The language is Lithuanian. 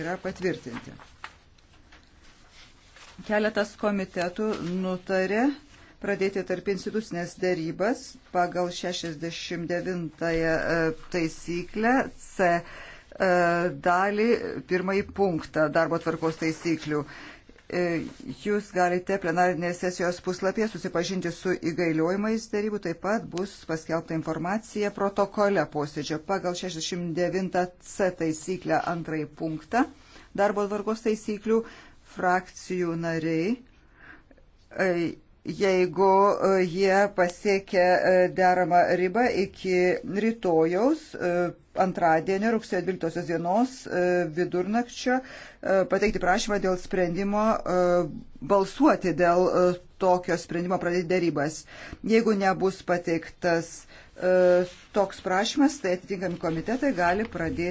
yra patvirtinti. Keletas komitetų nutarė pradėti tarp institucinės dėrybas pagal 69 e, taisyklę C e, dalį pirmąjį punktą darbo tvarkos taisyklių. E, jūs galite plenarinės sesijos puslapyje susipažinti su įgaliojimais darybų, taip pat bus paskelbta informacija protokole posėdžio pagal 69C taisyklę antrąjį punktą darbo tvarkos taisyklių frakcijų nariai e, jeigu e, jie pasiekia e, deramą ribą iki rytojaus e, antradienio rugsėjo 12 dienos vidurnakčio pateikti prašymą dėl sprendimo balsuoti dėl tokio sprendimo pradėti darybas. Jeigu nebus pateiktas toks prašymas, tai atitinkami komitetai gali pradėti.